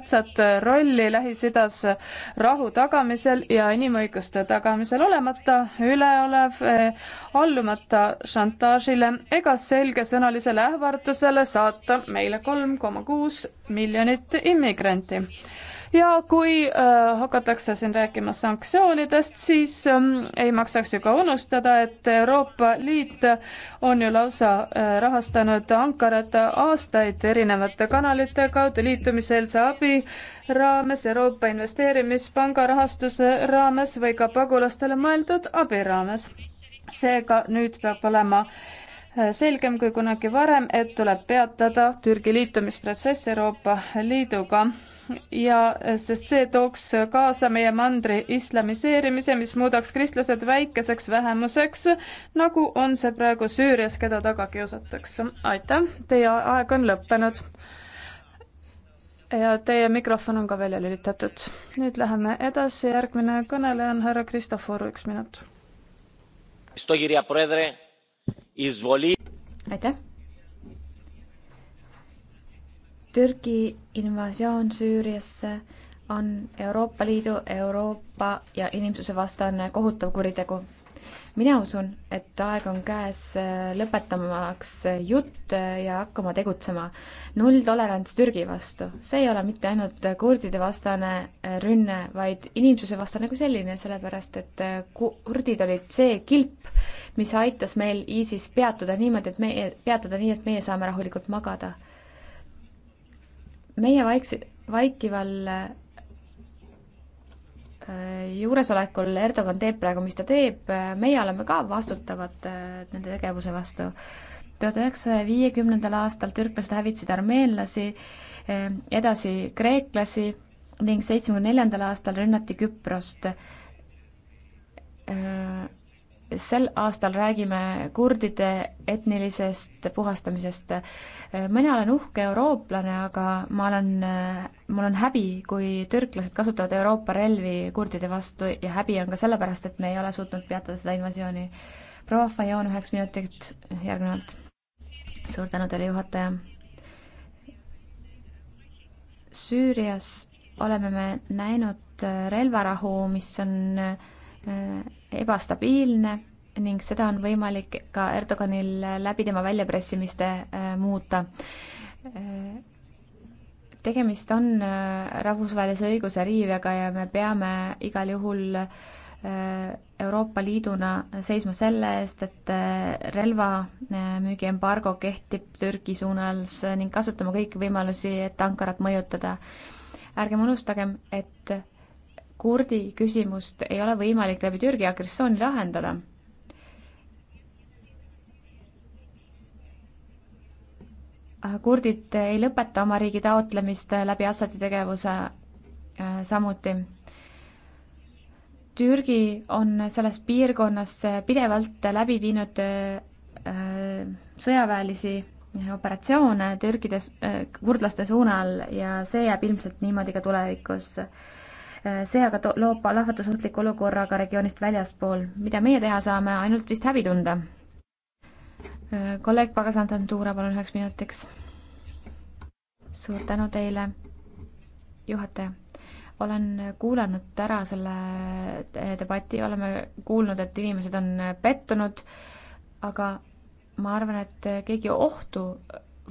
tähtsat rolli Lähis-Idas rahu tagamisel ja inimõiguste tagamisel, olemata üleolev, eh, allumata šantaažile ega selgesõnalisele ähvardusele saata meile kolm koma kuus miljonit immigranti ja kui äh, hakatakse siin rääkima sanktsioonidest, siis ähm, ei maksaks ju ka unustada, et Euroopa Liit on ju lausa äh, rahastanud Ankarat aastaid erinevate kanalite kaudu liitumiseelse abi raames, Euroopa Investeerimispanga rahastuse raames või ka pagulastele mõeldud abi raames. seega nüüd peab olema äh, selgem kui kunagi varem, et tuleb peatada Türgi liitumisprotsess Euroopa Liiduga ja sest see tooks kaasa meie mandri islamiseerimise, mis muudaks kristlased väikeseks vähemuseks, nagu on see praegu Süürias, keda taga kiusatakse. aitäh, teie aeg on lõppenud. ja teie mikrofon on ka välja lülitatud. nüüd läheme edasi, järgmine kõneleja on härra Kristofor, üks minut. aitäh Türgi invasioon Süüriasse on Euroopa Liidu, Euroopa ja inimsuse vastane kohutav kuritegu mina usun, et aeg on käes äh, lõpetamaks äh, jutt äh, ja hakkama tegutsema. nulltolerants Türgi vastu, see ei ole mitte ainult kurdide vastane rünne, vaid inimsuse vastane kui selline, sellepärast et kurdid olid see kilp, mis aitas meil ISIS peatuda niimoodi, et meie, peatada nii, et meie saame rahulikult magada meie vaiksi-, vaikival äh, juuresolekul Erdogan teeb praegu, mis ta teeb, äh, meie oleme ka vastutavad äh, nende tegevuse vastu. tuhat üheksasaja viiekümnendal aastal türklased hävitasid armeenlasi, edasi kreeklasi ning seitsmekümne neljandal aastal rünnati Küprost sel aastal räägime kurdide etnilisest puhastamisest. mina olen uhke eurooplane, aga ma olen, mul on häbi, kui türklased kasutavad Euroopa relvi kurdide vastu ja häbi on ka sellepärast, et me ei ole suutnud peatada seda invasiooni. proua Fajon, üheks minutiks järgnevalt. suur tänu teile, juhataja. Süürias oleme me näinud relvarahu, mis on ebastabiilne ning seda on võimalik ka Erdoganil läbi tema väljapressimiste äh, muuta. Äh, tegemist on äh, rahvusvahelise õiguse riivega ja me peame igal juhul Euroopa Liiduna seisma selle eest, et relvamüügiembargo kehtib Türgi suunas ning kasutama kõiki võimalusi, et Ankarat mõjutada. ärgem unustagem, et kurdi küsimust ei ole võimalik läbi Türgi agressiooni lahendada. kurdid ei lõpeta oma riigi taotlemist läbi Assadi tegevuse äh, samuti. Türgi on selles piirkonnas pidevalt läbi viinud äh, sõjaväelisi operatsioone türkide, äh, kurdlaste suunal ja see jääb ilmselt niimoodi ka tulevikus Äh, see aga loob lahvatusohtliku olukorra ka regioonist väljaspool. mida meie teha saame, ainult vist häbi tunda. Äh, kolleeg Pagasantantuura, palun üheks minutiks. suur tänu teile, juhataja olen kuulanud ära selle debati, oleme kuulnud, et inimesed on pettunud, aga ma arvan, et keegi ohtu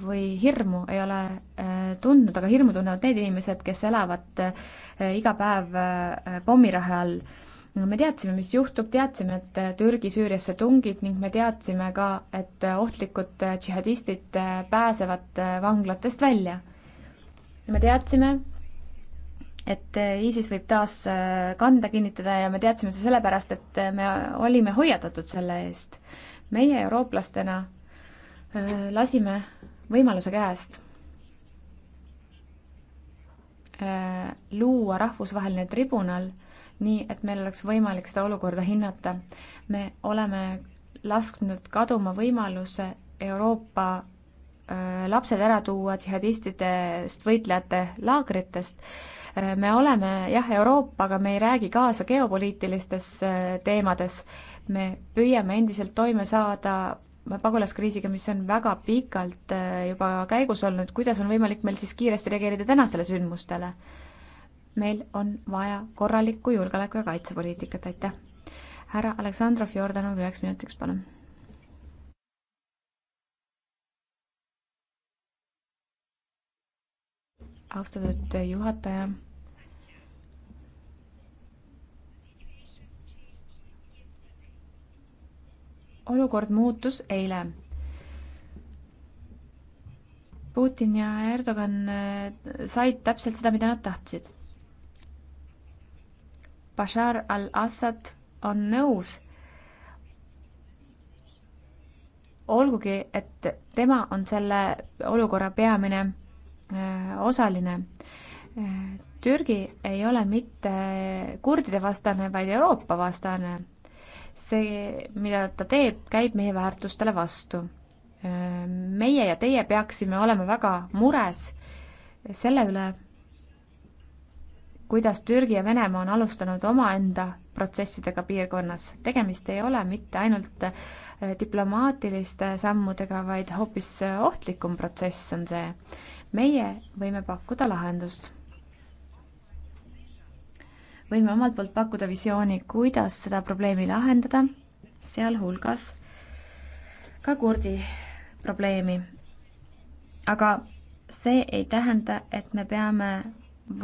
või hirmu ei ole äh, tundnud, aga hirmu tunnevad need inimesed, kes elavad äh, iga päev äh, pommirahe all. me teadsime, mis juhtub, teadsime, et Türgi Süüriasse tungib ning me teadsime ka, et ohtlikud džihadistid pääsevad vanglatest välja. me teadsime, et ISIS võib taas kanda kinnitada ja me teadsime seda sellepärast, et me olime hoiatatud selle eest. meie eurooplastena lasime võimaluse käest äh, luua rahvusvaheline tribunal, nii et meil oleks võimalik seda olukorda hinnata. me oleme lasknud kaduma võimaluse Euroopa äh, lapsed ära tuua džihadistidest võitlejate laagritest. Äh, me oleme jah, Euroopa, aga me ei räägi kaasa geopoliitilistes teemades. me püüame endiselt toime saada pagulaskriisiga, mis on väga pikalt äh, juba käigus olnud, kuidas on võimalik meil siis kiiresti reageerida tänasele sündmustele? meil on vaja korralikku julgeoleku- ja kaitsepoliitikat, aitäh. härra Aleksandrov Jordanov üheks minutiks, palun. austatud juhataja olukord muutus eile. Putin ja Erdogan äh, said täpselt seda, mida nad tahtsid. Bashar al-Assad on nõus. olgugi, et tema on selle olukorra peamine äh, osaline. Äh, Türgi ei ole mitte kurdide vastane, vaid Euroopa vastane see, mida ta teeb, käib meie väärtustele vastu. meie ja teie peaksime olema väga mures selle üle, kuidas Türgi ja Venemaa on alustanud omaenda protsessidega piirkonnas. tegemist ei ole mitte ainult äh, diplomaatiliste sammudega, vaid hoopis äh, ohtlikum protsess on see. meie võime pakkuda lahendust võime omalt poolt pakkuda visiooni, kuidas seda probleemi lahendada, sealhulgas ka kurdi probleemi. aga see ei tähenda, et me peame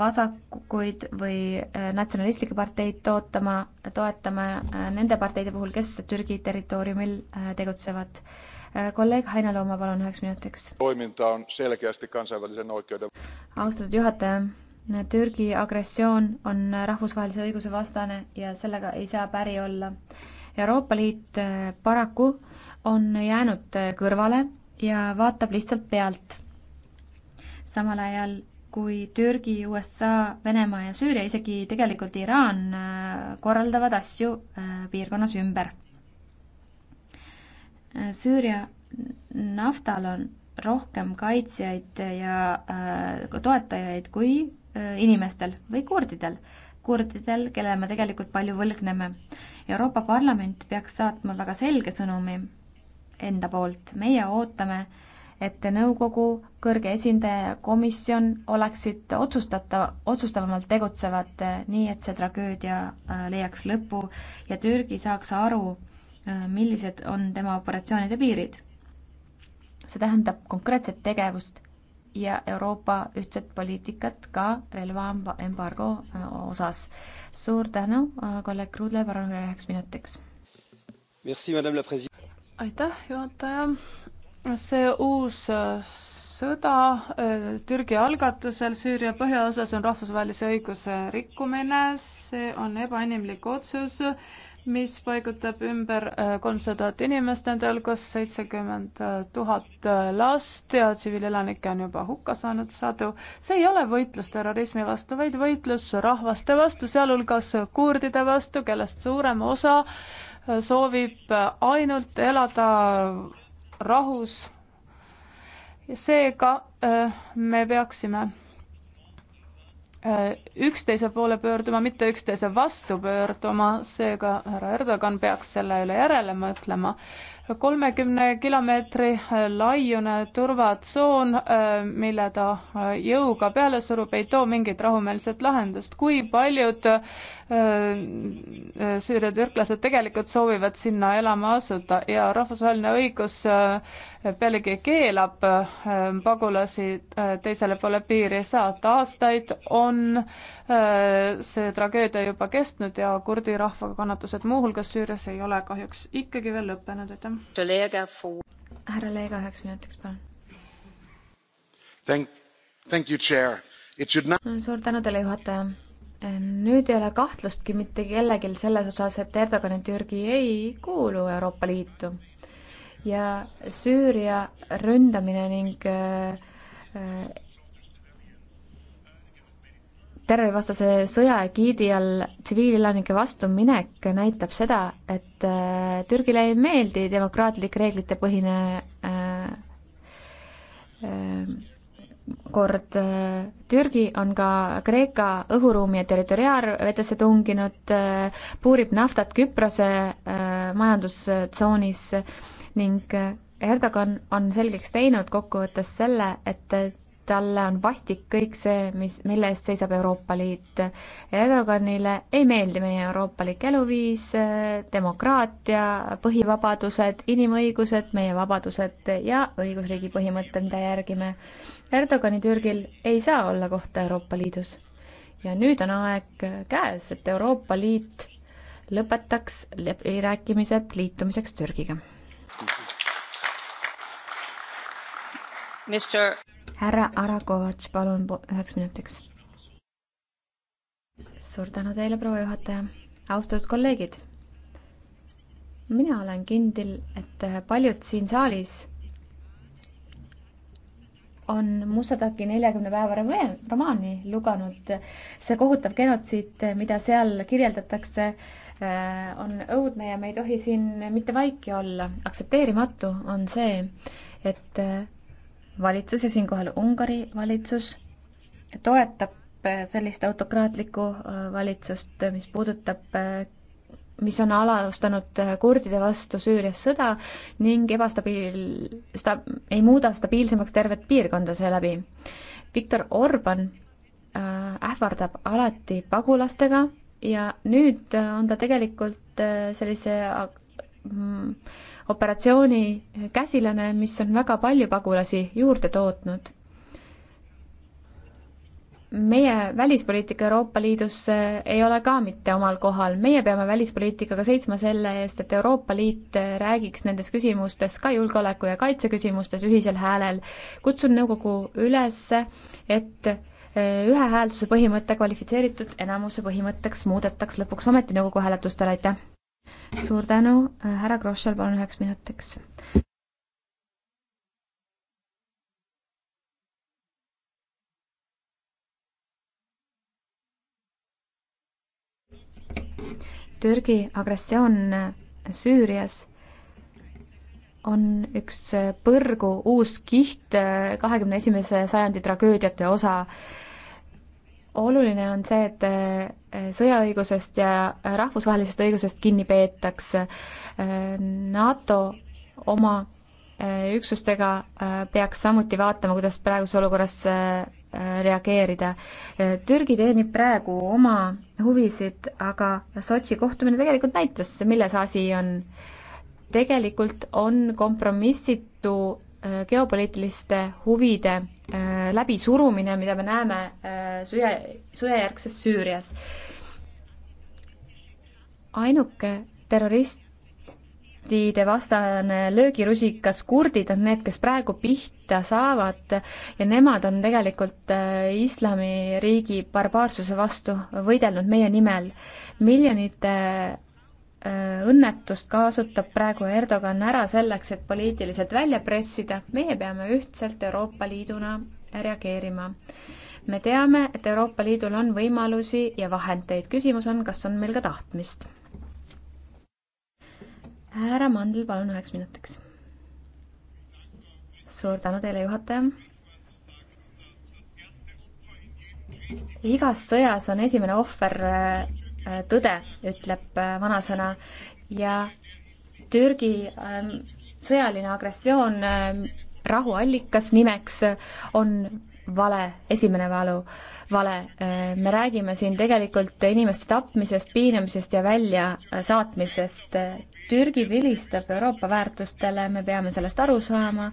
vasakuid või äh, natsionalistlikke parteid tootama, toetama äh, nende parteide puhul, kes Türgi territooriumil äh, tegutsevad. kolleeg Haina Looma, palun üheks minutiks. toiminta on selgesti kansainvälisen oikeuden. austatud juhataja Türgi agressioon on rahvusvahelise õiguse vastane ja sellega ei saa päri olla. Euroopa Liit eh, paraku on jäänud eh, kõrvale ja vaatab lihtsalt pealt. samal ajal kui Türgi, USA, Venemaa ja Süüria, isegi tegelikult Iraan eh, korraldavad asju piirkonnas ümber. Süüria naftal on rohkem kaitsjaid ja toetajaid kui Äh, inimestel või kurdidel, kurdidel, kellele me tegelikult palju võlgneme. Euroopa Parlament peaks saatma väga selge sõnumi enda poolt, meie ootame, et nõukogu, kõrge esindaja ja komisjon oleksid otsustata, otsustavamalt tegutsevad, äh, nii et see tragöödia äh, leiaks lõpu ja Türgi saaks aru, millised on tema operatsioonide piirid. see tähendab konkreetset tegevust ja Euroopa ühtset poliitikat ka relvaembargo äh, osas. suur tänu, äh, kolleeg Krudle, palun üheks minutiks. aitäh, juhataja. see uus äh, sõda Türgi algatusel Süüria põhjaosas on rahvusvahelise õiguse rikkumine, see on ebainimlik otsus mis paigutab ümber äh, kolmsada tuhat inimest, nende hulgas seitsekümmend äh, tuhat äh, last ja tsiviilelanikke on juba hukka saanud sadu. see ei ole võitlus terrorismi vastu, vaid võitlus rahvaste vastu, sealhulgas kurdide vastu, kellest suurem osa soovib ainult elada rahus. seega me peaksime Äh, üksteise poole pöörduma, mitte üksteise vastu pöörduma, seega härra Erdogan peaks selle üle järele mõtlema. kolmekümne kilomeetri laiune turvatsoon, äh, mille ta äh, jõuga peale surub, ei too mingit rahumeelset lahendust. kui paljud Äh, äh, Süüria türklased tegelikult soovivad sinna elama asuda ja rahvusvaheline õigus äh, pealegi keelab pagulasi teisele poole piiri saata. aastaid on see tragöödia juba kestnud ja kurdi rahva kannatused muuhulgas Süürias ei ole kahjuks ikkagi veel lõppenud, aitäh. härra Leega üheks minutiks, palun. Thank, thank you, chair. Not... suur tänu teile, juhataja nüüd ei ole kahtlustki mitte kellelgi selles osas, et Erdogani Türgi ei kuulu Euroopa Liitu. ja Süüria ründamine ning äh, äh, terrorivastase sõja egiidi all tsiviilelanike vastu minek näitab seda, et äh, Türgile ei meeldi demokraatlik reeglitepõhine äh, äh, kord äh, Türgi on ka Kreeka õhuruumi ja territoriaalvetesse tunginud, äh, puurib naftat Küprose äh, majandustsoonis ning Erdogan on selgeks teinud kokkuvõttes selle, et talle on vastik kõik see, mis, mille eest seisab Euroopa Liit. Erdoganile ei meeldi meie euroopalik eluviis, demokraatia, põhivabadused, inimõigused, meie vabadused ja õigusriigi põhimõtted, mida järgime Erdogani Türgil ei saa olla kohta Euroopa Liidus. ja nüüd on aeg käes, et Euroopa Liit lõpetaks läbirääkimised liitumiseks Türgiga. härra Arakovatš, palun üheks minutiks. suur tänu teile, proua juhataja. austatud kolleegid mina olen kindel, et paljud siin saalis on Mussadaki neljakümne päeva romaani lugenud. see kohutav genotsiid, mida seal kirjeldatakse, äh, on õudne ja me ei tohi siin mitte vaiki olla. aktsepteerimatu on see, et äh, valitsus ja siinkohal Ungari valitsus toetab äh, sellist autokraatlikku valitsust, mis puudutab mis on alustanud äh, kurdide vastu Süürias sõda ning ebastabiil-, sta-, ei muuda stabiilsemaks tervet piirkonda seeläbi. Viktor Orban äh, ähvardab alati pagulastega ja nüüd äh, on ta tegelikult sellise mm, operatsiooni käsilane, mis on väga palju pagulasi juurde tootnud meie välispoliitika Euroopa Liidus äh, ei ole ka mitte omal kohal, meie peame välispoliitikaga seitsma selle eest, et Euroopa Liit äh, räägiks nendes küsimustes, ka julgeoleku ja kaitse küsimustes ühisel häälel. kutsun nõukogu üles, et äh, ühehäälsuse põhimõte kvalifitseeritud enamuse põhimõtteks muudetaks lõpuks ometi nõukogu hääletustel, aitäh! suur tänu, härra Grossel, palun üheks minutiks. Türgi agressioon Süürias on üks põrgu uus kiht kahekümne esimese sajandi tragöödiate osa. oluline on see, et eh, sõjaõigusest ja rahvusvahelisest õigusest kinni peetakse. Eh, NATO oma eh, üksustega peaks samuti vaatama, kuidas praeguses olukorras reageerida. Türgi teenib praegu oma huvisid, aga Sotši kohtumine tegelikult näitas, milles asi on. tegelikult on kompromissitu äh, geopoliitiliste huvide äh, läbisurumine, mida me näeme sõja, äh, sõjajärgses Süürias. ainuke terrorist, kurdide vastane löögirusikas, kurdid on need, kes praegu pihta saavad ja nemad on tegelikult äh, islamiriigi barbaarsuse vastu võidelnud meie nimel. miljonite äh, õnnetust kasutab praegu Erdogan ära selleks, et poliitiliselt välja pressida, meie peame ühtselt Euroopa Liiduna reageerima. me teame, et Euroopa Liidul on võimalusi ja vahendeid, küsimus on, kas on meil ka tahtmist härra Mandl, palun üheks minutiks. suur tänu teile, juhataja. igas sõjas on esimene ohver äh, tõde, ütleb äh, vanasõna ja Türgi ähm, sõjaline agressioon ähm, rahuallikas nimeks on vale, esimene valu, vale. Äh, me räägime siin tegelikult inimeste tapmisest, piinamisest ja väljasaatmisest. Äh, Türgi vilistab Euroopa väärtustele, me peame sellest aru saama,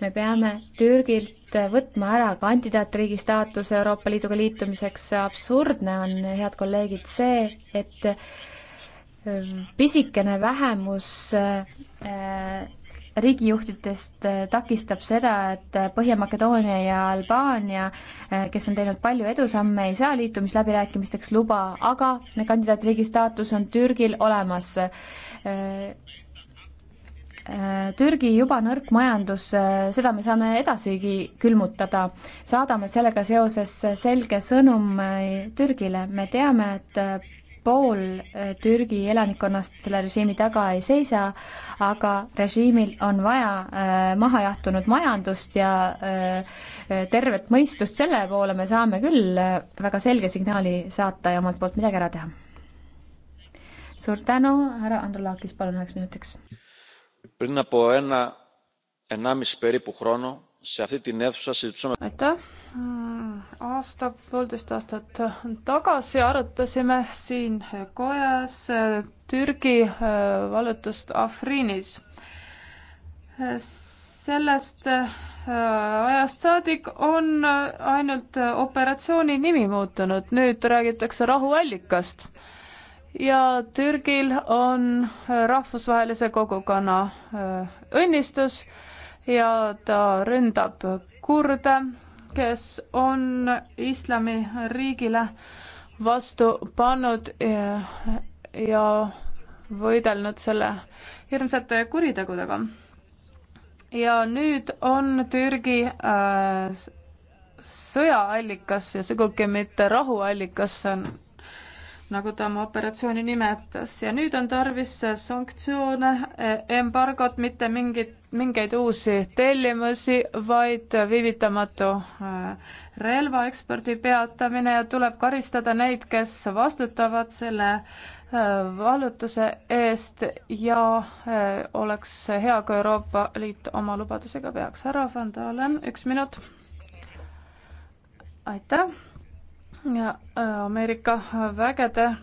me peame Türgilt võtma ära kandidaatriigi staatuse Euroopa Liiduga liitumiseks, absurdne on, head kolleegid, see, et äh, pisikene vähemus äh, riigijuhtidest äh, takistab seda, et äh, Põhja-Makedoonia ja Albaania, äh, kes on teinud palju edusamme, ei saa liitumisläbirääkimisteks luba, aga kandidaatriigi staatus on Türgil olemas. Türgi juba nõrk majandus, seda me saame edasigi külmutada. saadame sellega seoses selge sõnum Türgile, me teame, et pool eh, Türgi elanikkonnast selle režiimi taga ei seisa, aga režiimil on vaja eh, mahajahtunud majandust ja eh, tervet mõistust, selle poole me saame küll väga selge signaali saata ja omalt poolt midagi ära teha. suur tänu, härra Andrulakis, palun üheks minutiks. aitäh aasta, poolteist aastat tagasi arutasime siin kojas eh, Türgi eh, vallutust Afrinis. Eh, sellest ajast saadik on ainult operatsiooni nimi muutunud, nüüd räägitakse rahuallikast ja Türgil on rahvusvahelise kogukonna õnnistus ja ta ründab kurde kes on islamiriigile vastu pannud ja, ja võidelnud selle hirmsate kuritegudega. ja nüüd on Türgi äh, sõjaallikas ja sugugi mitte rahuallikas, see on nagu ta oma operatsiooni nimetas ja nüüd on tarvis sanktsioone, e, embargot, mitte mingit, mingeid uusi tellimusi, vaid viivitamatu e, relvaekspordi peatamine ja tuleb karistada neid, kes vastutavad selle e, vallutuse eest ja oleks hea, kui Euroopa Liit oma lubadusega peaks. härra Van Dalen, üks minut. aitäh Äh, Ameerika vägede äh,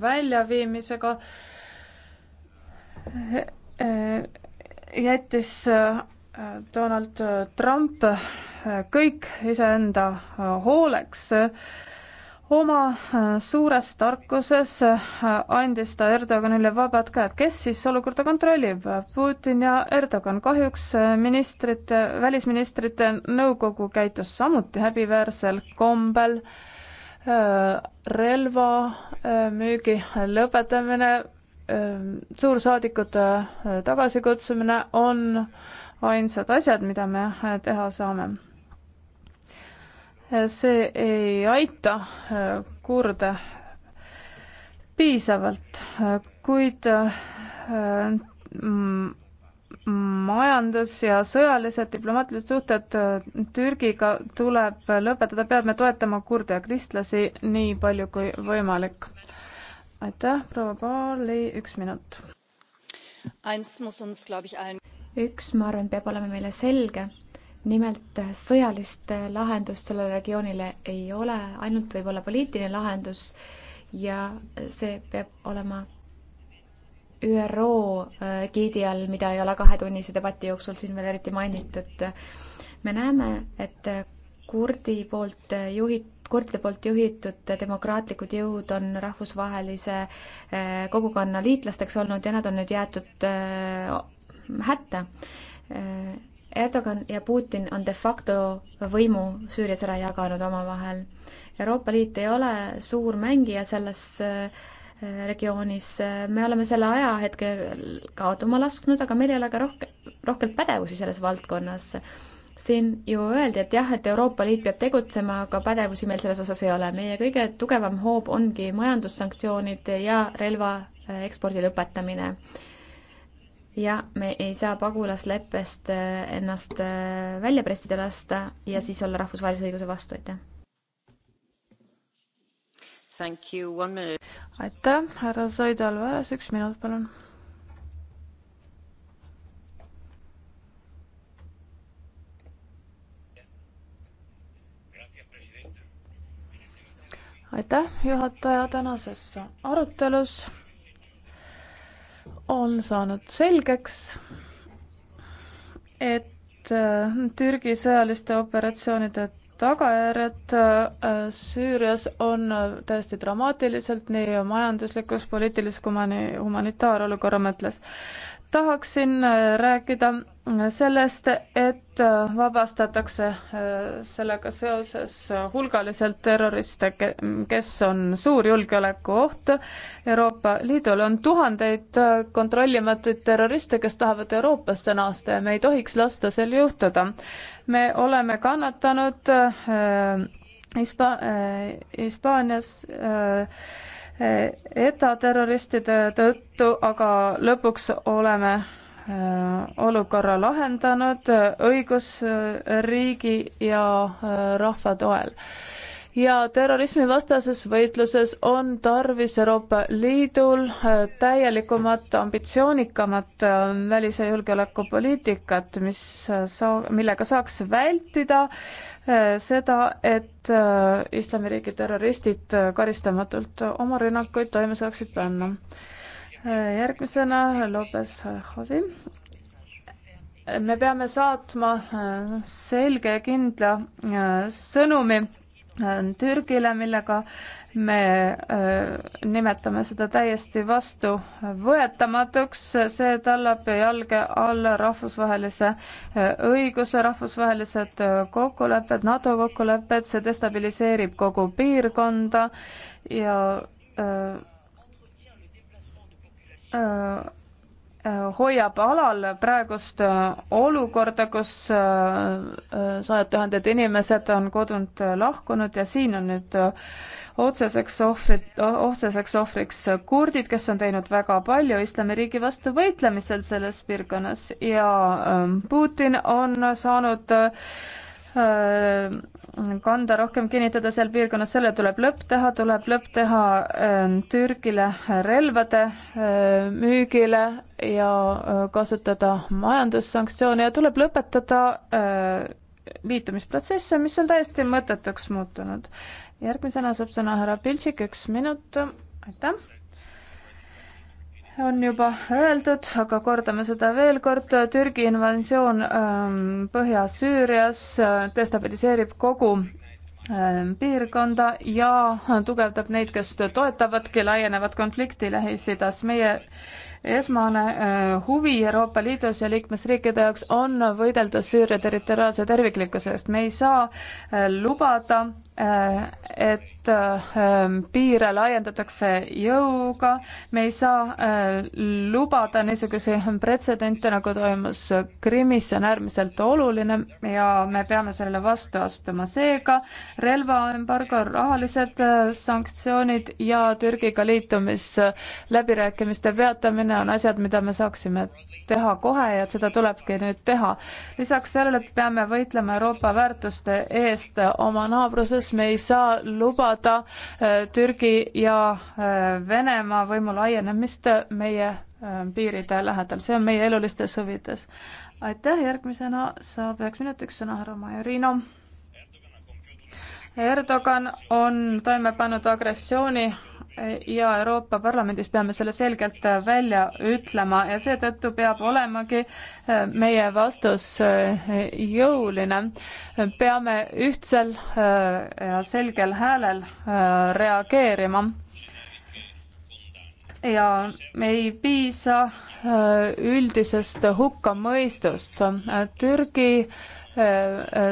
väljaviimisega äh, jättis Donald Trump kõik iseenda hooleks. oma suures tarkuses andis ta Erdoganile vabad käed, kes siis olukorda kontrollib, Putin ja Erdogan. kahjuks ministrite, välisministrite nõukogu käitus samuti häbiväärsel kombel äh, Äh, relva äh, müügi lõpetamine, äh, suursaadikute tagasikutsumine on ainsad asjad, mida me teha saame. see ei aita kurde piisavalt, kuid majandus ja sõjalised diplomaatilised suhted äh, Türgiga tuleb lõpetada, peame toetama kurde ja kristlasi nii palju kui võimalik. aitäh, proua Paali, üks minut. üks, ma arvan, peab olema meile selge. nimelt sõjalist äh, lahendust sellele regioonile ei ole, ainult võib olla poliitiline lahendus ja äh, see peab olema ÜRO äh, giidi all, mida ei ole kahetunnise debati jooksul siin veel eriti mainitud. me näeme, et äh, kurdi poolt äh, juhid, kurdide poolt juhitud demokraatlikud jõud on rahvusvahelise kogukonna liitlasteks olnud ja nad on nüüd jäetud hätta. Erdogan ja Putin on de facto võimu Süürias ära jaganud omavahel. Euroopa Liit ei ole suur mängija selles äh, regioonis, me oleme selle ajahetke kaotuma lasknud, aga meil ei ole ka rohke, rohkelt pädevusi selles valdkonnas. siin ju öeldi, et jah, et Euroopa Liit peab tegutsema, aga pädevusi meil selles osas ei ole. meie kõige tugevam hoob ongi majandussanktsioonid ja relva äh, ekspordi lõpetamine. ja me ei saa pagulasleppest äh, ennast äh, välja pressida lasta ja siis olla rahvusvahelise õiguse vastu, aitäh aitäh, härra Said Alveres, üks minut, palun. aitäh, juhataja, tänases arutelus on saanud selgeks, et Äh, Türgi sõjaliste operatsioonide tagajärjed äh, Süürias on äh, täiesti dramaatiliselt nii majanduslikus, poliitilises kui humani-, humanitaarolukorra mõttes tahaksin äh, rääkida äh, sellest, et äh, vabastatakse sellega seoses hulgaliselt terroriste, kes on suur julgeolekuoht Euroopa Liidule. on tuhandeid kontrollimatuid terroriste, kes tahavad Euroopasse naasta ja me ei tohiks lasta sel juhtuda. me oleme kannatanud Hispa- äh,, Hispaanias äh, ETA terroristide tõttu, aga lõpuks oleme äh, olukorra lahendanud õigusriigi ja äh, rahva toel ja terrorismivastases võitluses on tarvis Euroopa Liidul äh, täielikumat, ambitsioonikamat äh, välis- ja julgeolekupoliitikat, mis äh, saa-, millega saaks vältida seda, et Islamiriigi terroristid karistamatult oma rünnakuid toime saaksid panna. järgmisena Lopez Javi me peame saatma selge ja kindla sõnumi Türgile, millega me äh, nimetame seda täiesti vastuvõetamatuks, see tallab jalge alla rahvusvahelise äh, õiguse, rahvusvahelised äh, kokkulepped, NATO kokkulepped, see destabiliseerib kogu piirkonda ja öö, öö, hoiab alal praegust äh, olukorda, kus äh, äh, sajad tuhanded inimesed on kodunt lahkunud ja siin on nüüd otseseks ohvrit, otseseks ohvriks kurdid, kes on teinud väga palju islamiriigi vastu võitlemisel selles piirkonnas ja ähm, Putin on saanud Äh, kanda rohkem kinnitada seal piirkonnas, sellele tuleb lõpp teha, tuleb lõpp teha ähm, Türgile relvade äh, müügile ja äh, kasutada majandussanktsioone ja tuleb lõpetada liitumisprotsesse, mis on täiesti mõttetuks muutunud. järgmisena saab sõna härra Piltšik, üks minut, aitäh on juba öeldud, aga kordame seda veel kord, Türgi invasioon ähm, Põhja-Süürias äh, destabiliseerib kogu ähm, piirkonda ja tugevdab neid, kes toetavadki laienevat konflikti Lähis-Idas. meie esmane äh, huvi Euroopa Liidus ja liikmesriikide jaoks on võidelda Süüria territoriaalse terviklikkuse eest. me ei saa äh, lubada Äh, et äh, piire laiendatakse jõuga, me ei saa äh, lubada niisuguseid pretsedente, nagu toimus Krimmis, see on äärmiselt oluline ja me peame sellele vastu astuma. seega relvaembargo, rahalised sanktsioonid ja Türgiga liitumisläbirääkimiste peatamine on asjad, mida me saaksime teha kohe ja seda tulebki nüüd teha. lisaks sellele peame võitlema Euroopa väärtuste eest oma naabruses, Euroopas me ei saa lubada äh, Türgi ja äh, Venemaa võimu laienemist äh, meie piiride lähedal, see on meie elulistes huvides. aitäh, järgmisena saab üheks minutiks sõna härra Majorino. Erdogan on toime pannud agressiooni ja Euroopa Parlamendis peame selle selgelt välja ütlema ja seetõttu peab olemagi äh, meie vastus äh, jõuline. peame ühtsel äh, ja selgel häälel reageerima. ja ei piisa üldisest hukkamõistust. Türgi äh,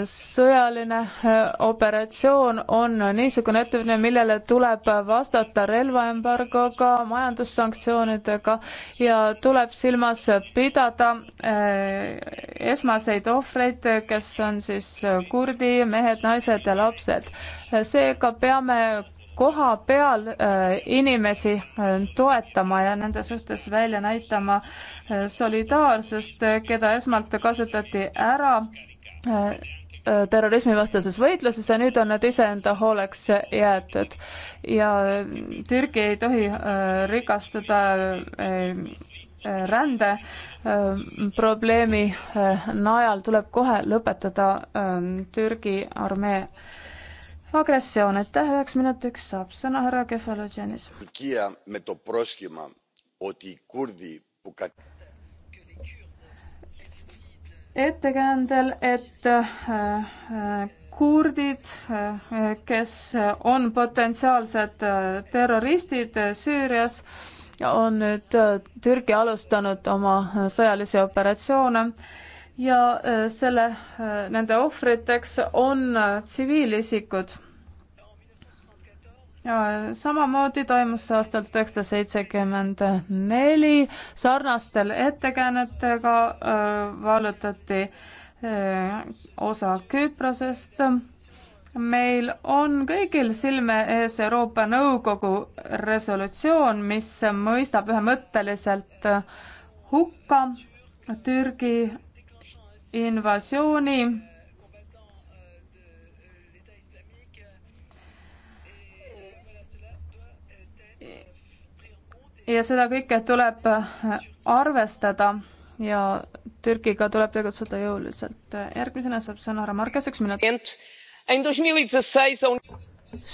sõjaline äh, operatsioon on niisugune ettevõtmine, millele tuleb vastata relvaembargoga, majandussanktsioonidega ja tuleb silmas pidada äh, esmaseid ohvreid, kes on siis kurdi mehed, naised ja lapsed. seega peame koha peal äh, inimesi toetama ja nende suhtes välja näitama solidaarsust, keda esmalt kasutati ära Äh, terrorismivastases võitluses ja nüüd on nad iseenda hooleks jäetud. ja Türgi ei tohi äh, rikastuda äh, rände probleemi najal, tuleb kohe lõpetada ähm, Türgi armee agressioon. aitäh, üheks minutiks saab sõna härra Kefalogenis ettekäändel, et äh, kurdid, äh, kes on potentsiaalsed äh, terroristid Süürias, on nüüd Türgi alustanud oma sõjalisi operatsioone ja selle, nende ohvriteks on tsiviilisikud samamoodi toimus see aastal tuhat üheksasada seitsekümmend neli, sarnastel ettekäänetega äh, vallutati äh, osa Küprosest. meil on kõigil silme ees Euroopa Nõukogu resolutsioon, mis mõistab ühemõtteliselt hukka Türgi invasiooni ja seda kõike tuleb äh, arvestada ja Türgiga tuleb tegutseda jõuliselt. järgmisena saab sõna härra Marges, üks minut.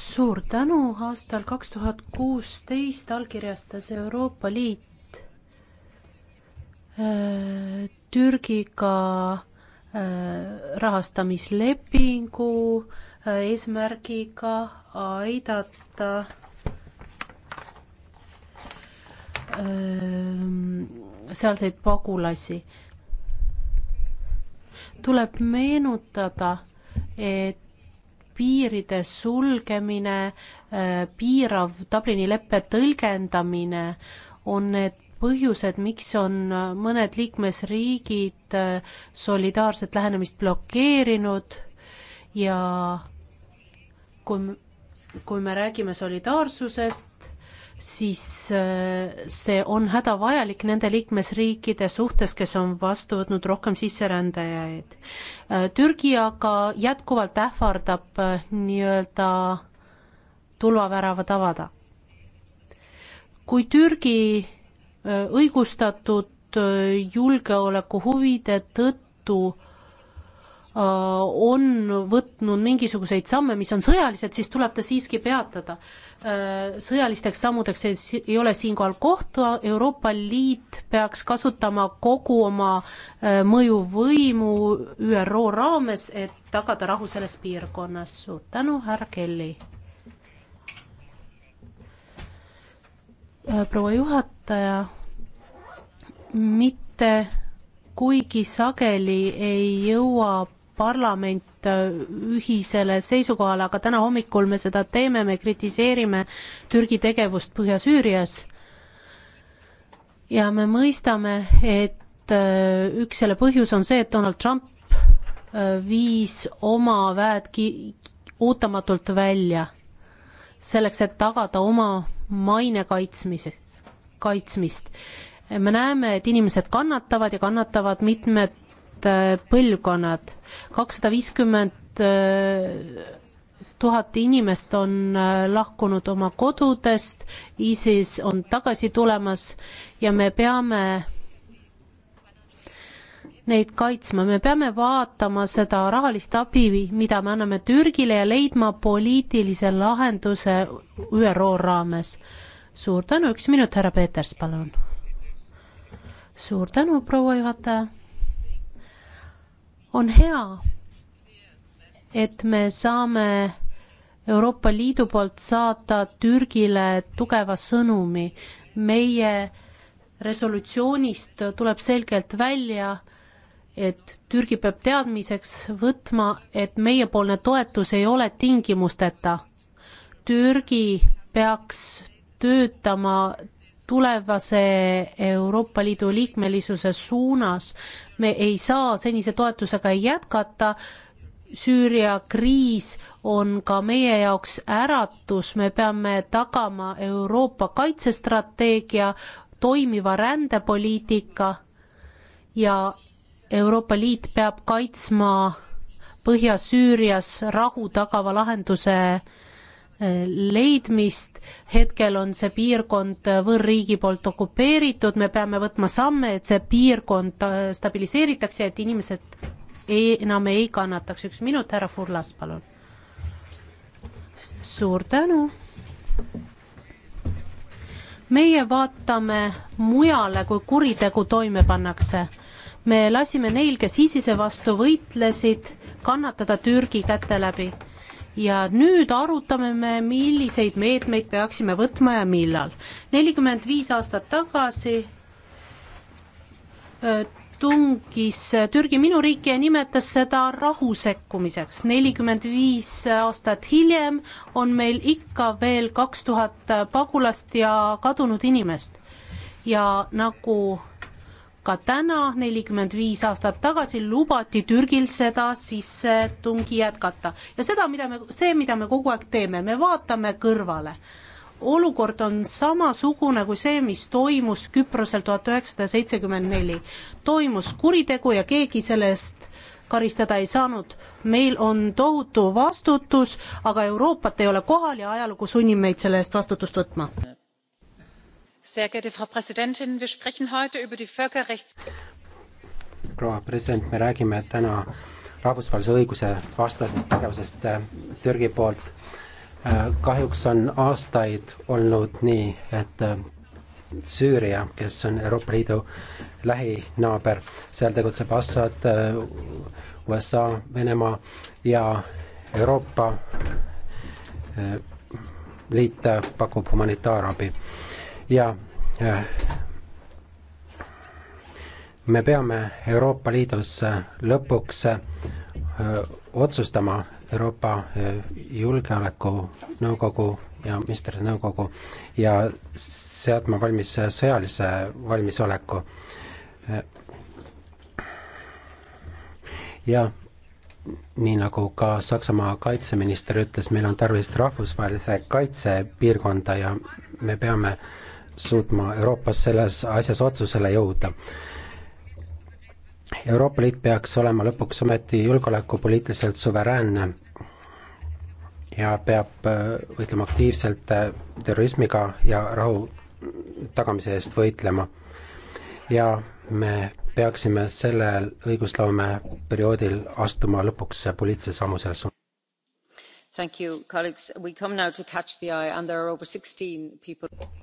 suur tänu, aastal kaks tuhat kuusteist allkirjastas Euroopa Liit äh, Türgiga äh, rahastamislepingu eesmärgiga aidata Ehm, sealseid pagulasi. tuleb meenutada, et piiride sulgemine, eh, piirav Dublini leppe tõlgendamine on need põhjused, miks on mõned liikmesriigid eh, solidaarset lähenemist blokeerinud ja kui, kui me räägime solidaarsusest, siis äh, see on hädavajalik nende liikmesriikide suhtes, kes on vastu võtnud rohkem sisserändajaid. Äh, Türgi aga jätkuvalt ähvardab äh, nii-öelda tulvaväravad avada. kui Türgi õigustatud julgeolekuhuvide tõttu Äh, on võtnud mingisuguseid samme, mis on sõjalised, siis tuleb ta siiski peatada. Äh, sõjalisteks sammudeks ei ole siinkohal kohta, Euroopa Liit peaks kasutama kogu oma äh, mõjuvõimu ÜRO raames, et tagada rahu selles piirkonnas. suur tänu, härra Kelly. proua juhataja, mitte kuigi sageli ei jõua parlament äh, ühisele seisukohale, aga täna hommikul me seda teeme, me kritiseerime Türgi tegevust Põhja-Süürias ja me mõistame, et äh, üks selle põhjus on see, et Donald Trump äh, viis oma väed ki-, ootamatult välja, selleks et tagada oma maine kaitsmise, kaitsmist me näeme, et inimesed kannatavad ja kannatavad mitmed erinevad äh, põlvkonnad. kakssada viiskümmend äh, tuhat inimest on äh, lahkunud oma kodudest, ISIS on tagasi tulemas ja me peame neid kaitsma, me peame vaatama seda rahalist abi, mida me anname Türgile ja leidma poliitilise lahenduse ÜRO raames. suur tänu, üks minut, härra Peeters, palun. suur tänu, proua juhataja on hea, et me saame Euroopa Liidu poolt saata Türgile tugeva sõnumi. meie resolutsioonist tuleb selgelt välja, et Türgi peab teadmiseks võtma, et meiepoolne toetus ei ole tingimusteta. Türgi peaks töötama tulevase Euroopa Liidu liikmelisuse suunas me ei saa senise toetusega jätkata. Süüria kriis on ka meie jaoks äratus, me peame tagama Euroopa kaitsestrateegia, toimiva rändepoliitika ja Euroopa Liit peab kaitsma Põhja-Süürias rahu tagava lahenduse äh, Äh, leidmist, hetkel on see piirkond äh, võõrriigi poolt okupeeritud, me peame võtma samme, et see piirkond äh, stabiliseeritakse, et inimesed ei, enam ei kannataks. üks minut, härra Furlas, palun. suur tänu. meie vaatame mujale, kui kuritegu toime pannakse. me lasime neil, kes ISISe vastu võitlesid, kannatada Türgi käte läbi ja nüüd arutame me, milliseid meetmeid peaksime võtma ja millal. nelikümmend viis aastat tagasi äh, tungis äh, Türgi minu riiki ja nimetas seda rahu sekkumiseks. nelikümmend viis aastat hiljem on meil ikka veel kaks tuhat pagulast ja kadunud inimest. ja nagu ka täna, nelikümmend viis aastat tagasi, lubati Türgil seda sissetungi jätkata ja seda, mida me, see, mida me kogu aeg teeme, me vaatame kõrvale olukord on samasugune kui see, mis toimus Küprosel tuhat üheksasada seitsekümmend neli. toimus kuritegu ja keegi selle eest karistada ei saanud. meil on tohutu vastutus, aga Euroopat ei ole kohal ja ajalugu sunnib meid selle eest vastutust võtma frau präsidentin! proua president me räägime täna rahvusvahelise õiguse vastasest tegevusest äh, türgi poolt. Äh, kahjuks on aastaid olnud nii et äh, Süüria, kes on Euroopa Liidu lähinaaber, seal tegutseb Assad, USA, Venemaa ja Euroopa Liit pakub humanitaarabi ja me peame Euroopa Liidus lõpuks äh, otsustama Euroopa äh, Julgeolekunõukogu ja Ministrite Nõukogu ja seadma valmis äh, sõjalise valmisoleku. ja nii nagu ka Saksamaa kaitseminister ütles, meil on tarvis rahvusvahelise kaitsepiirkonda ja me peame äh, suutma Euroopas selles asjas otsusele jõuda. Euroopa Liit peaks olema lõpuks ometi julgeolekupoliitiliselt suveräänne ja peab äh, võitlema aktiivselt äh, terrorismiga ja rahu tagamise eest võitlema. ja me peaksime sellel õigusloome perioodil astuma lõpuks poliitilise sammu selles suunas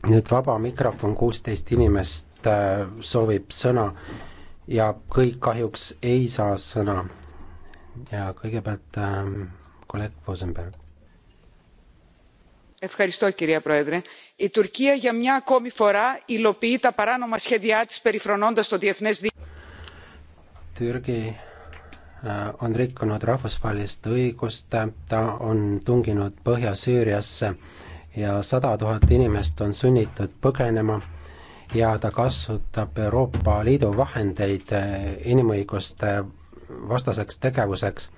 nüüd vaba mikrofon, kuusteist inimest äh, soovib sõna ja kõik kahjuks ei saa sõna. ja kõigepealt ähm, kolleeg Vosenberg. Ευχαριστώ κυρία Πρόεδρε. Η Τουρκία για μια ακόμη φορά υλοποιεί τα παράνομα σχέδιά της περιφρονώντας το διεθνές δίκαιο. Τουρκία Äh, on rikkunud rahvusvahelist õigust, ta on tunginud Põhja-Süüriasse ja sada tuhat inimest on sunnitud põgenema ja ta kasutab Euroopa Liidu vahendeid äh, inimõiguste vastaseks tegevuseks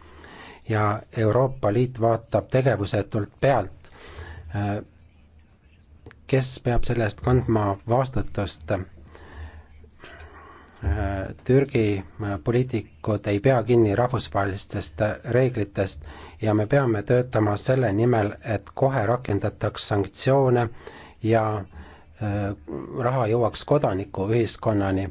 ja Euroopa Liit vaatab tegevusetult pealt. Äh, kes peab selle eest kandma vastutust? Äh, Türgi äh, poliitikud ei pea kinni rahvusvahelistest äh, reeglitest ja me peame töötama selle nimel, et kohe rakendataks sanktsioone ja raha jõuaks kodanikuühiskonnani.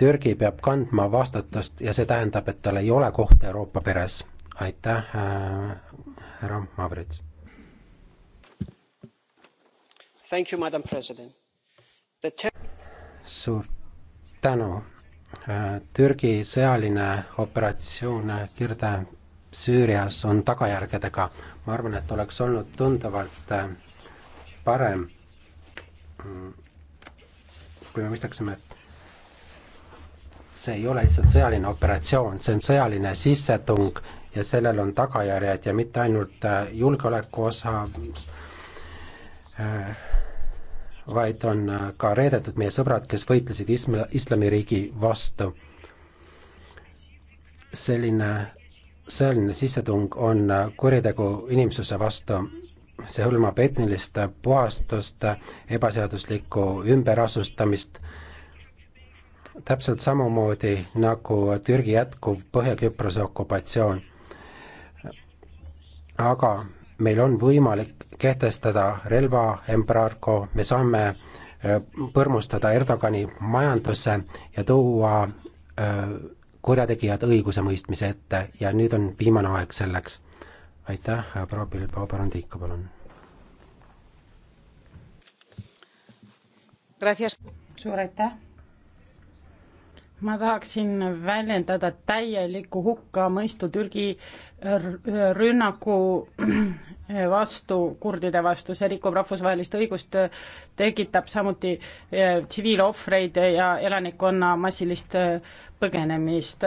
Türgi peab kandma vastutust ja see tähendab, et tal ei ole kohta Euroopa peres. aitäh, härra Mavrits. suur tänu Türgi sõjaline operatsioon Kirde Süürias on tagajärgedega. ma arvan, et oleks olnud tunduvalt äh, parem, mm, kui me mõistaksime, et see ei ole lihtsalt sõjaline operatsioon, see on sõjaline sissetung ja sellel on tagajärjed ja mitte ainult äh, julgeoleku osas, äh, vaid on äh, ka reedetud meie sõbrad, kes võitlesid ism-, islamiriigi vastu. selline sõjaline sissetung on äh, kuritegu inimsuse vastu. see hõlmab etnilist puhastust, ebaseaduslikku ümberasustamist, täpselt samamoodi nagu Türgi jätkuv Põhja-Küprose okupatsioon. aga meil on võimalik kehtestada relvaembargo, me saame äh, põrmustada Erdogani majandusse ja tuua äh, kurjategijad õigusemõistmise ette ja nüüd on viimane aeg selleks. aitäh, äh, proua Bilbao Barandica, palun. suur aitäh ma tahaksin väljendada täielikku hukkamõistu Türgi rünnaku vastu, kurdide vastu, see rikub rahvusvahelist õigust, tekitab samuti eh, tsiviilohvreid ja elanikkonna massilist eh, põgenemist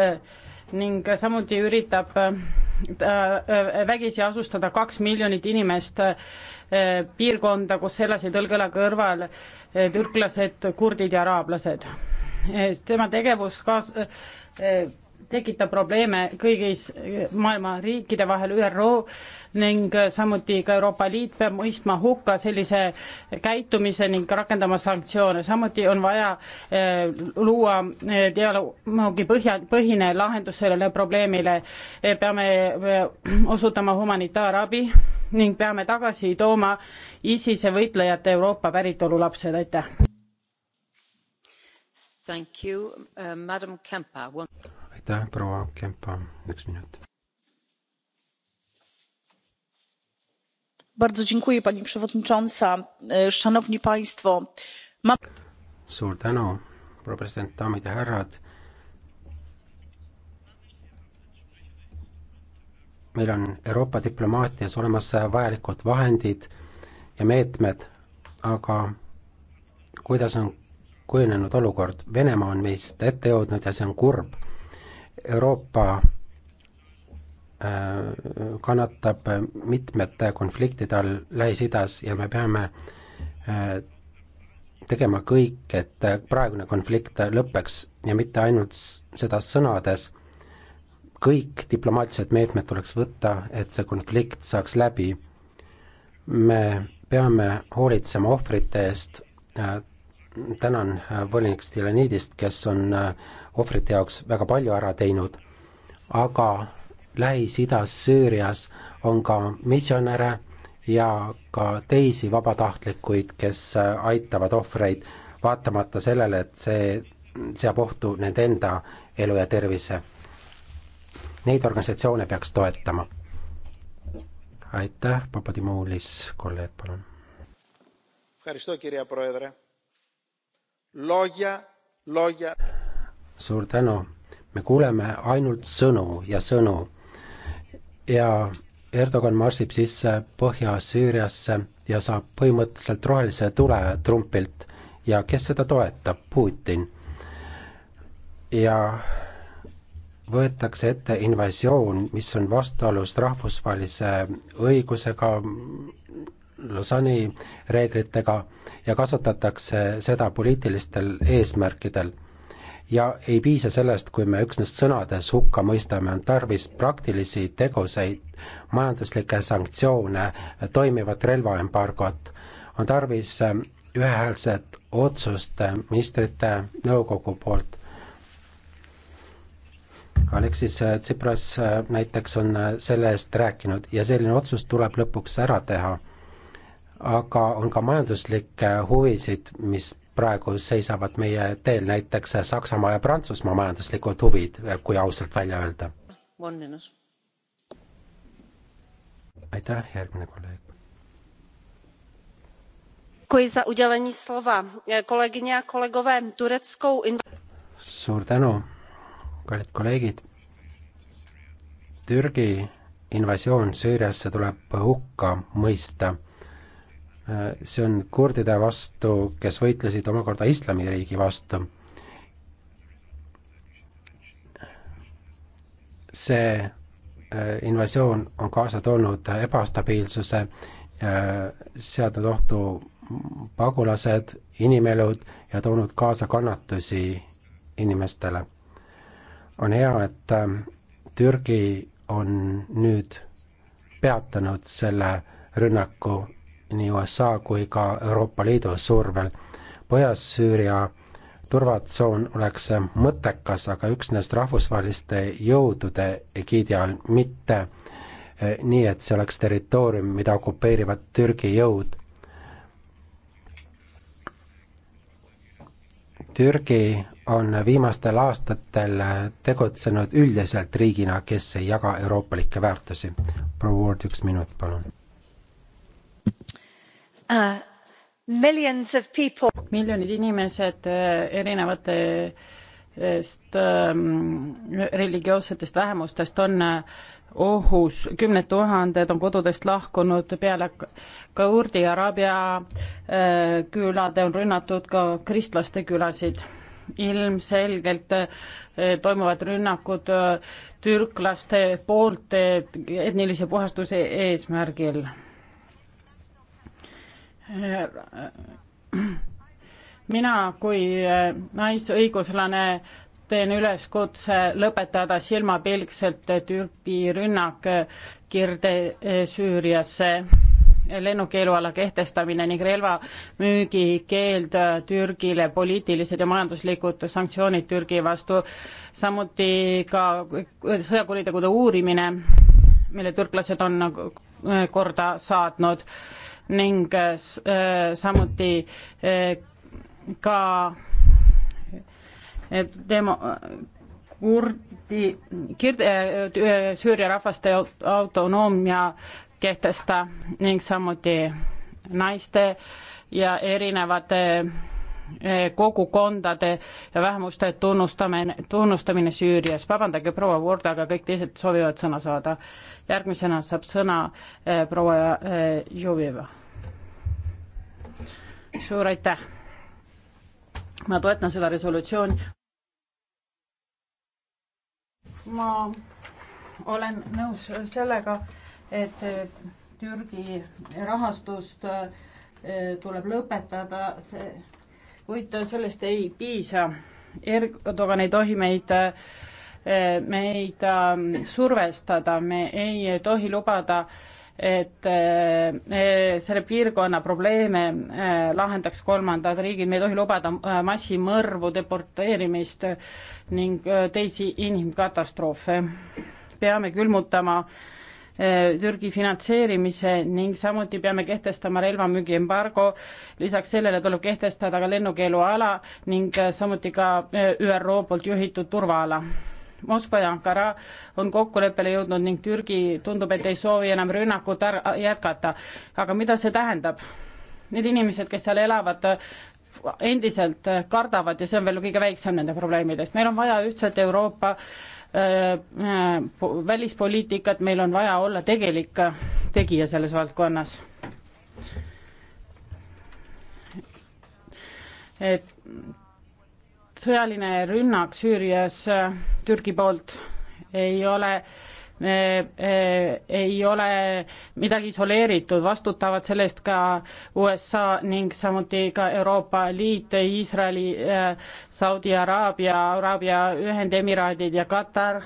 ning samuti üritab ta eh, vägisi asustada kaks miljonit inimest piirkonda, kus elasid õlg õla kõrval türklased, kurdid ja araablased tema tegevus kaas-, eh, tekitab probleeme kõigis eh, maailma riikide vahel, ÜRO ning eh, samuti ka Euroopa Liit peab mõistma hukka sellise käitumise ning rakendama sanktsioone, samuti on vaja eh, luua eh, dialoogi põhja, põhine lahendus sellele probleemile eh,. peame osutama humanitaarabi ning peame tagasi tooma ISISe võitlejate Euroopa päritolu lapsed, aitäh! Uh, aitäh, proua Kempa, üks minut. pani przewodnicząca! E, szanowni państwo! suur tänu proua president daamid ja härrad meil on euroopa diplomaatias olemas vajalikud vahendid ja meetmed aga kuidas on kujunenud olukord. Venemaa on meist ette jõudnud ja see on kurb. Euroopa äh, kannatab mitmete konfliktide all Lähis-Idas ja me peame äh, tegema kõik, et praegune konflikt lõpeks ja mitte ainult seda sõnades. kõik diplomaatilised meetmed tuleks võtta, et see konflikt saaks läbi. me peame hoolitsema ohvrite eest, äh, tänan äh, volinik Stiljanidist, kes on äh, ohvrite jaoks väga palju ära teinud, aga Lähis-Idas, Süürias on ka misjonäre ja ka teisi vabatahtlikuid, kes äh, aitavad ohvreid, vaatamata sellele, et see seab ohtu nende enda elu ja tervise. Neid organisatsioone peaks toetama. aitäh, Papadimoulis, kolleeg, palun. Loja, loja. suur tänu, me kuuleme ainult sõnu ja sõnu ja Erdogan marsib sisse Põhja-Süüriasse ja saab põhimõtteliselt rohelise tule Trumpilt ja kes seda toetab, Putin. ja võetakse ette invasioon, mis on vastuolus rahvusvahelise õigusega, Lausanne'i reeglitega ja kasutatakse seda poliitilistel eesmärkidel. ja ei piisa sellest, kui me üksnes sõnades hukka mõistame, on tarvis praktilisi teguseid, majanduslikke sanktsioone, toimivat relvaembargot, on tarvis äh, ühehäälset otsust äh, ministrite nõukogu poolt. Aleksis äh, Tsipras näiteks on selle eest rääkinud ja selline otsus tuleb lõpuks ära teha aga on ka majanduslikke huvisid, mis praegu seisavad meie teel, näiteks Saksamaa ja Prantsusmaa majanduslikud huvid, kui ausalt välja öelda. aitäh, järgmine kolleeg. suur tänu, kallid kolleegid. Türgi invasioon Süüriasse tuleb hukka mõista Äh, see on kurdide vastu, kes võitlesid omakorda islamiriigi vastu. see äh, invasioon on kaasa toonud ebastabiilsuse, äh, seadnud ohtu pagulased, inimelud ja toonud kaasa kannatusi inimestele. on hea, et Türgi on nüüd peatanud selle rünnaku nii USA kui ka Euroopa Liidu survel. Põhja-Süüria turvatsoon oleks mõttekas, aga üksnes rahvusvaheliste jõudude egiidi all, mitte nii, et see oleks territoorium, mida okupeerivad Türgi jõud. Türgi on viimastel aastatel tegutsenud üldiselt riigina, kes ei jaga euroopalikke väärtusi. proua Ward, üks minut, palun Uh, miljonid inimesed äh, erinevatest ähm, religioossetest vähemustest on äh, ohus, kümned tuhanded on kodudest lahkunud peale kurdi araabia äh, külade on rünnatud ka kristlaste külasid. ilmselgelt toimuvad rünnakud türklaste poolt etnilise puhastuse eesmärgil Äh, äh, mina kui äh, naisõiguslane teen üleskutse lõpetada silmapilkselt Türgi rünnak Kirde-Süüriasse, lennukeeluala kehtestamine ning relvamüügi keeld Türgile, poliitilised ja majanduslikud sanktsioonid Türgi vastu, samuti ka sõjakuritegude uurimine, mille türklased on korda saatnud ning äh, äh, samuti äh, ka demo-, kurdi, kirde-, Süüria rahvaste autonoomia kehtesta ning samuti naiste ja erinevate kogukondade ja vähemuste tunnustamine, tunnustamine Süürias. vabandage, proua Ward, aga kõik teised soovivad sõna saada. järgmisena saab sõna proua Jovjeva suur aitäh. ma toetan seda resolutsiooni. ma olen nõus sellega, et Türgi rahastust eh, tuleb lõpetada, kuid sellest ei piisa. Erdogan ei tohi meid, eh, meid eh, survestada, me ei tohi lubada äh, et eh, eh, selle piirkonna probleeme eh, lahendaks kolmandad riigid, me ei tohi lubada massimõrvu, deporteerimist ning teisi inimkatastroofe. peame külmutama Türgi finantseerimise ning samuti peame kehtestama relvamüügi embargo, lisaks sellele tuleb kehtestada ka lennukeeluala ning samuti ka ÜRO poolt juhitud turvaala Moskva ja Ankara on kokkuleppele jõudnud ning Türgi tundub, et ei soovi enam rünnakut jätkata. aga mida see tähendab? Need inimesed, kes seal elavad, endiselt kardavad ja see on veel kõige väiksem nende probleemidest. meil on vaja ühtset Euroopa äh, äh, välispoliitikat, meil on vaja olla tegelik tegija selles valdkonnas. et sõjaline rünnak Süürias äh, Türgi poolt ei ole äh, äh, ei ole midagi isoleeritud, vastutavad selle eest ka USA ning samuti ka Euroopa Liit, Iisraeli, Saudi Araabia, Araabia Ühendemiraadid ja Katar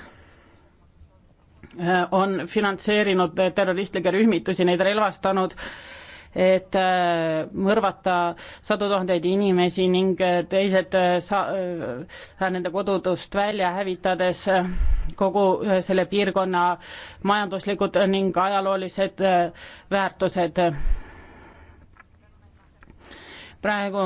on finantseerinud terroristlikke rühmitusi, neid relvastanud et äh, mõrvata sadu tuhandeid inimesi ning äh, teised äh, sa-, nende kodudest välja hävitades kogu selle piirkonna majanduslikud ning ajaloolised väärtused. praegu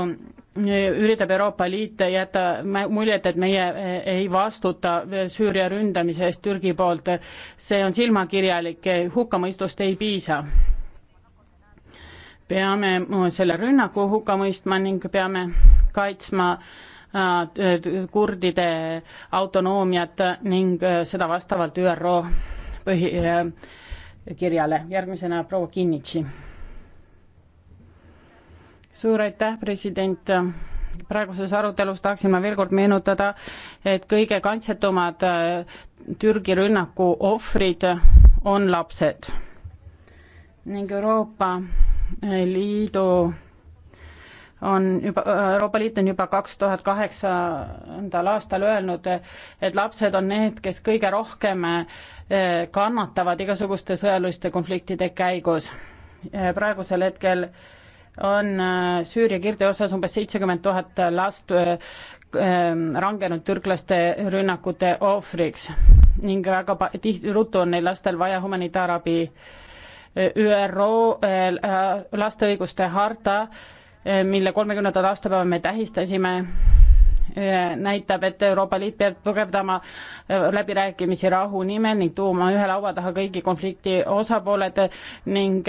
üritab Euroopa Liit jätta muljet, et meie ei vastuta Süüria ründamise eest Türgi poolt. see on silmakirjalik, hukkamõistust ei piisa peame äh, selle rünnaku hukka mõistma ning peame kaitsma äh, kurdide autonoomiat ning äh, seda vastavalt ÜRO põhikirjale. järgmisena proua Kinnitši. suur aitäh, president praeguses arutelus tahaksin ma veel kord meenutada, et kõige kantsetumad Türgi rünnaku ohvrid on lapsed ning Euroopa Liidu on juba, Euroopa Liit on juba kaks tuhat kaheksandal aastal öelnud, et lapsed on need, kes kõige rohkem eh, kannatavad igasuguste sõjaliste konfliktide käigus. Eh, praegusel hetkel on eh, Süüria kirdeosas umbes seitsekümmend tuhat last rangenud türklaste rünnakute ohvriks ning väga tihti, ruttu on neil lastel vaja humanitaarabi äh, ÜRO äh, laste õiguste harta, äh, mille kolmekümnendat aastapäeva me tähistasime, äh, näitab, et Euroopa Liit peab tugevdama läbirääkimisi rahu nimel ning tuuma ühe laua taha kõigi konflikti osapooled ning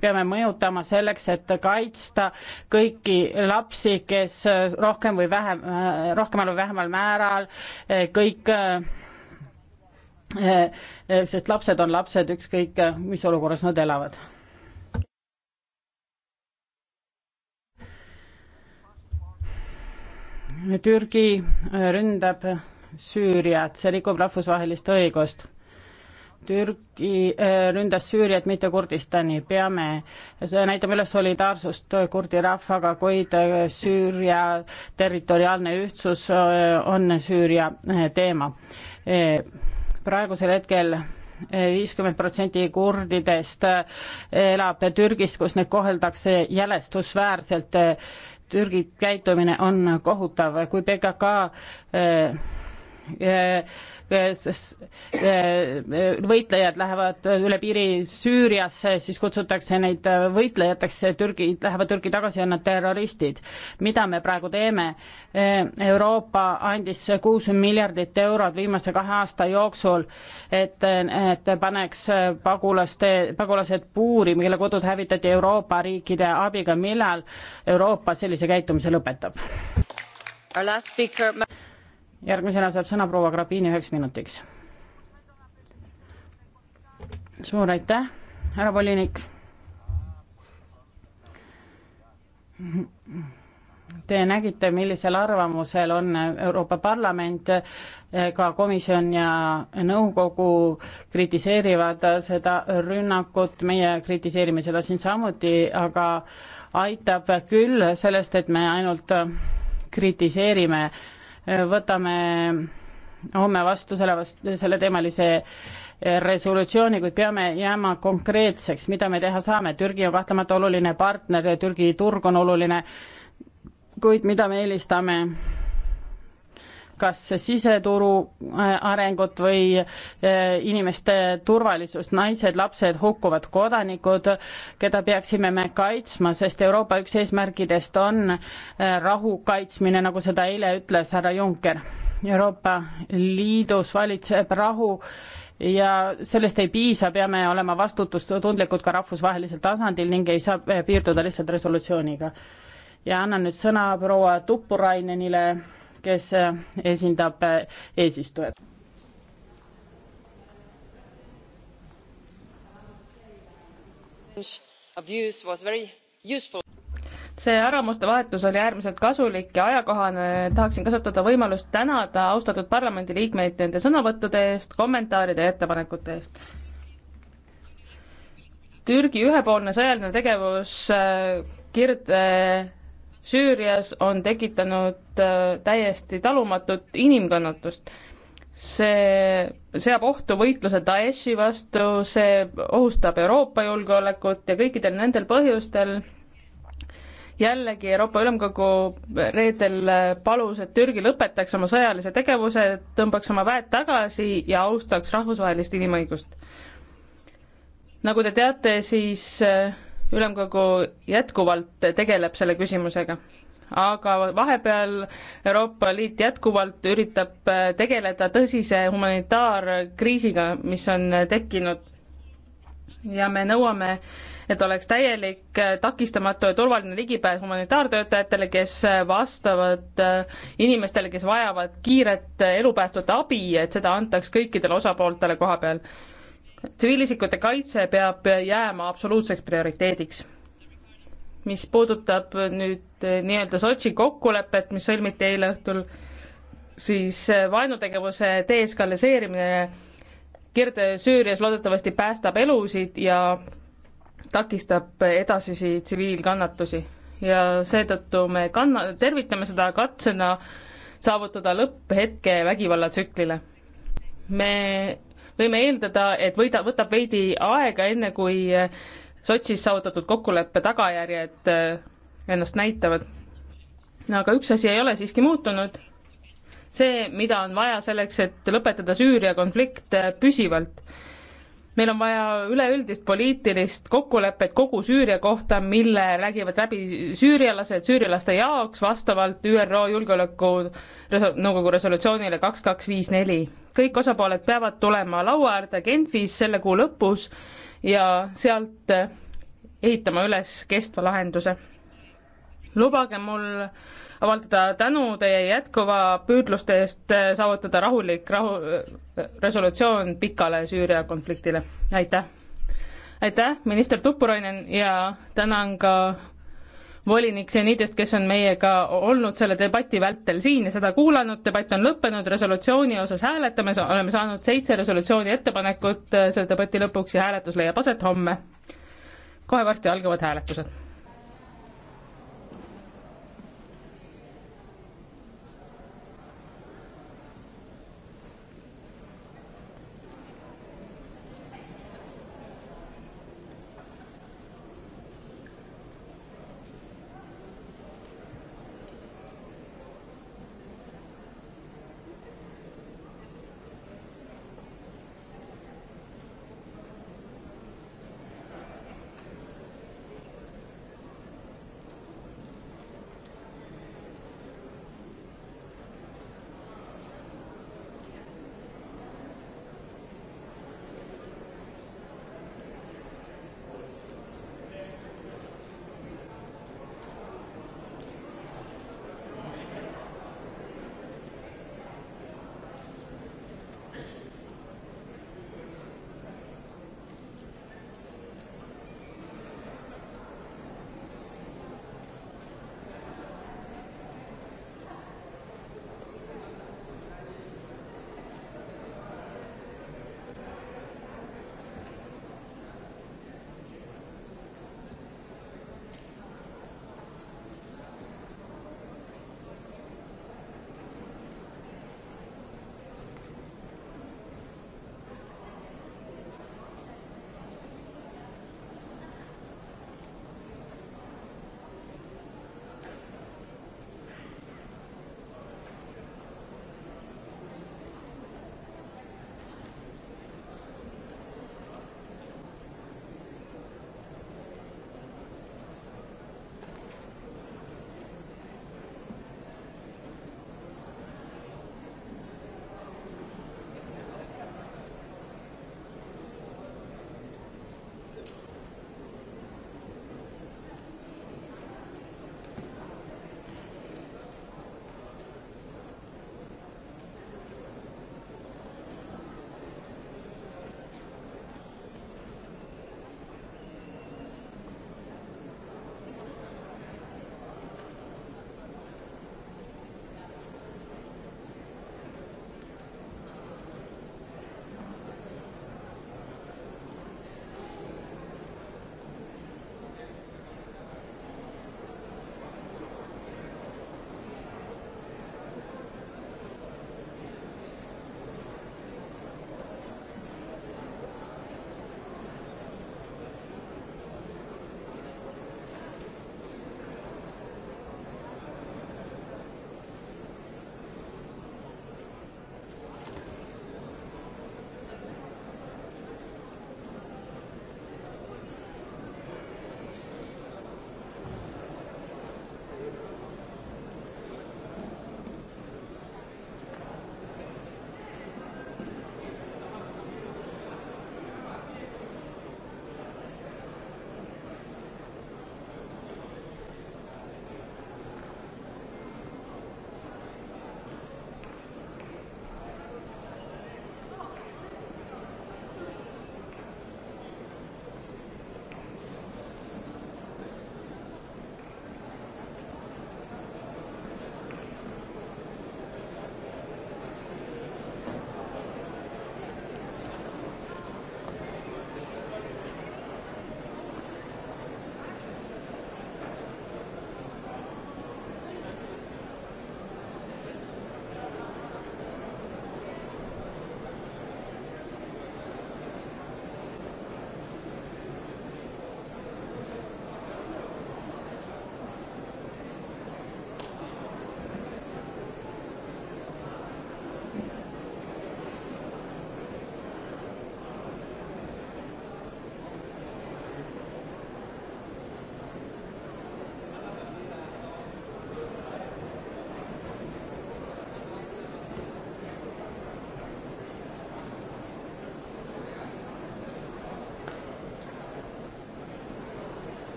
peame mõjutama selleks, et kaitsta kõiki lapsi, kes rohkem või vähem, rohkemal või vähemal määral kõik Eh, eh, sest lapsed on lapsed, ükskõik eh, mis olukorras nad elavad. Türgi ründab Süüriat, see rikub rahvusvahelist õigust. Türgi ründas Süüriat, mitte Kurdistani, peame, näitame üles solidaarsust kurdi rahvaga, kuid Süüria territoriaalne ühtsus on Süüria teema praegusel hetkel viiskümmend protsenti kurdidest elab Türgis, kus neid koheldakse jälestusväärselt. Türgi käitumine on kohutav, kui PKK võitlejad lähevad üle piiri Süüriasse, siis kutsutakse neid võitlejateks, Türgi, lähevad Türgi tagasi ja on nad terroristid. mida me praegu teeme? Euroopa andis kuus miljardit eurot viimase kahe aasta jooksul, et, et paneks pagulaste, pagulased puuri, mille kodud hävitati Euroopa riikide abiga, millal Euroopa sellise käitumise lõpetab? Our last speaker, järgmisena saab sõna proua Grabini üheks minutiks. suur aitäh, härra volinik. Te nägite, millisel arvamusel on Euroopa Parlament, ka komisjon ja nõukogu kritiseerivad seda rünnakut, meie kritiseerime seda siin samuti, aga aitab küll sellest, et me ainult kritiseerime äh, võtame homme vastu selle vastu, selleteemalise eh, resolutsiooni, kuid peame jääma konkreetseks, mida me teha saame, Türgi on kahtlemata oluline partner ja Türgi turg on oluline, kuid mida me eelistame kas siseturu äh, arengut või äh, inimeste turvalisust, naised, lapsed, hukkuvad kodanikud, keda peaksime me kaitsma, sest Euroopa üks eesmärkidest on äh, rahu kaitsmine, nagu seda eile ütles härra Juncker. Euroopa Liidus valitseb rahu ja sellest ei piisa, peame olema vastutustundlikud ka rahvusvahelisel tasandil ning ei saa piirduda lihtsalt resolutsiooniga. ja annan nüüd sõna proua Tuppurainenile kes eh, esindab eh, eesistujat. see arvamuste vahetus oli äärmiselt kasulik ja ajakohane, tahaksin kasutada võimalust tänada austatud parlamendiliikmeid nende sõnavõttude eest, kommentaaride ja ettepanekute eest. Türgi ühepoolne sõjaline tegevus eh, kirde Süürias on tekitanud Äh, täiesti talumatut inimkannatust. see seab ohtu võitluse Daeshi vastu, see ohustab Euroopa julgeolekut ja kõikidel nendel põhjustel jällegi Euroopa Ülemkogu reedel palus, et Türgi lõpetaks oma sõjalise tegevuse, tõmbaks oma väed tagasi ja austaks rahvusvahelist inimõigust. nagu te teate, siis äh, Ülemkogu jätkuvalt tegeleb selle küsimusega aga vahepeal Euroopa Liit jätkuvalt üritab äh, tegeleda tõsise humanitaarkriisiga, mis on äh, tekkinud. ja me nõuame, et oleks täielik äh, takistamatu ja turvaline ligipääs humanitaartöötajatele, kes vastavad inimestele, kes vajavad kiiret elupäästvat abi, et seda antaks kõikidele osapooltele koha peal. tsiviilisikute kaitse peab jääma absoluutseks prioriteediks mis puudutab nüüd eh, nii-öelda Sotši kokkulepet, mis sõlmiti eile õhtul, siis eh, vaenutegevuse deeskaliseerimine Kirde-Süürias loodetavasti päästab elusid ja takistab edasisi tsiviilkannatusi ja seetõttu me kanna-, tervitame seda katsena saavutada lõpphetke vägivallatsüklile. me võime eeldada, et võida-, võtab veidi aega, enne kui eh, Sotsis saavutatud kokkuleppe tagajärjed äh, ennast näitavad. aga üks asi ei ole siiski muutunud. see, mida on vaja selleks, et lõpetada Süüria konflikt äh, püsivalt. meil on vaja üleüldist poliitilist kokkulepet kogu Süüria kohta, mille räägivad läbi süürialased süürialaste jaoks vastavalt ÜRO Julgeoleku reso-, nõukogu resolutsioonile kaks, kaks, viis, neli. kõik osapooled peavad tulema laua äärde Genfis selle kuu lõpus ja sealt ehitama üles kestva lahenduse. lubage mul avaldada tänu teie jätkuva püüdluste eest saavutada rahulik rahu, resolutsioon pikale Süüria konfliktile. aitäh! aitäh, minister Tuppurainen ja tänan ka volinik Senidest, kes on meiega olnud selle debati vältel siin ja seda kuulanud, debatt on lõppenud, resolutsiooni osas hääletame, oleme saanud seitse resolutsiooni ettepanekut äh, selle debati lõpuks ja hääletus leiab aset homme. kohe varsti algavad hääletused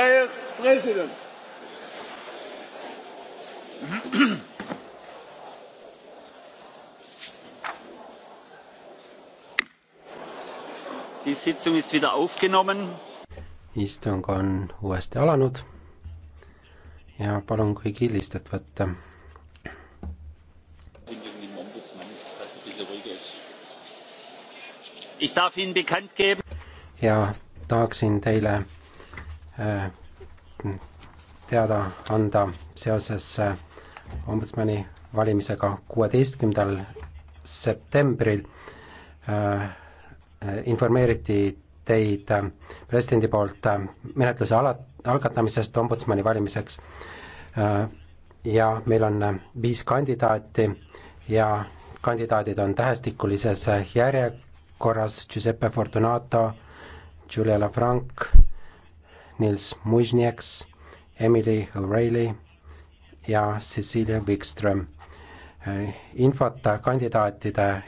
Dear President. Die Sitzung ist wieder aufgenommen. istung on uuesti alanud ja palun kõigil istet võtta. ja tahaksin teile Äh, teada anda seoses äh, ombudsmani valimisega kuueteistkümnendal septembril äh, informeeriti teid presidendi poolt menetluse ala, algatamisest ombudsmani valimiseks ja meil on viis kandidaati ja kandidaadid on tähestikulises järjekorras Giuseppe Fortunato, Julia Lafranc, Nils Mužnieks, Emily O'Reilly ja Cecilia Wikström. Äh, infot kandidaatide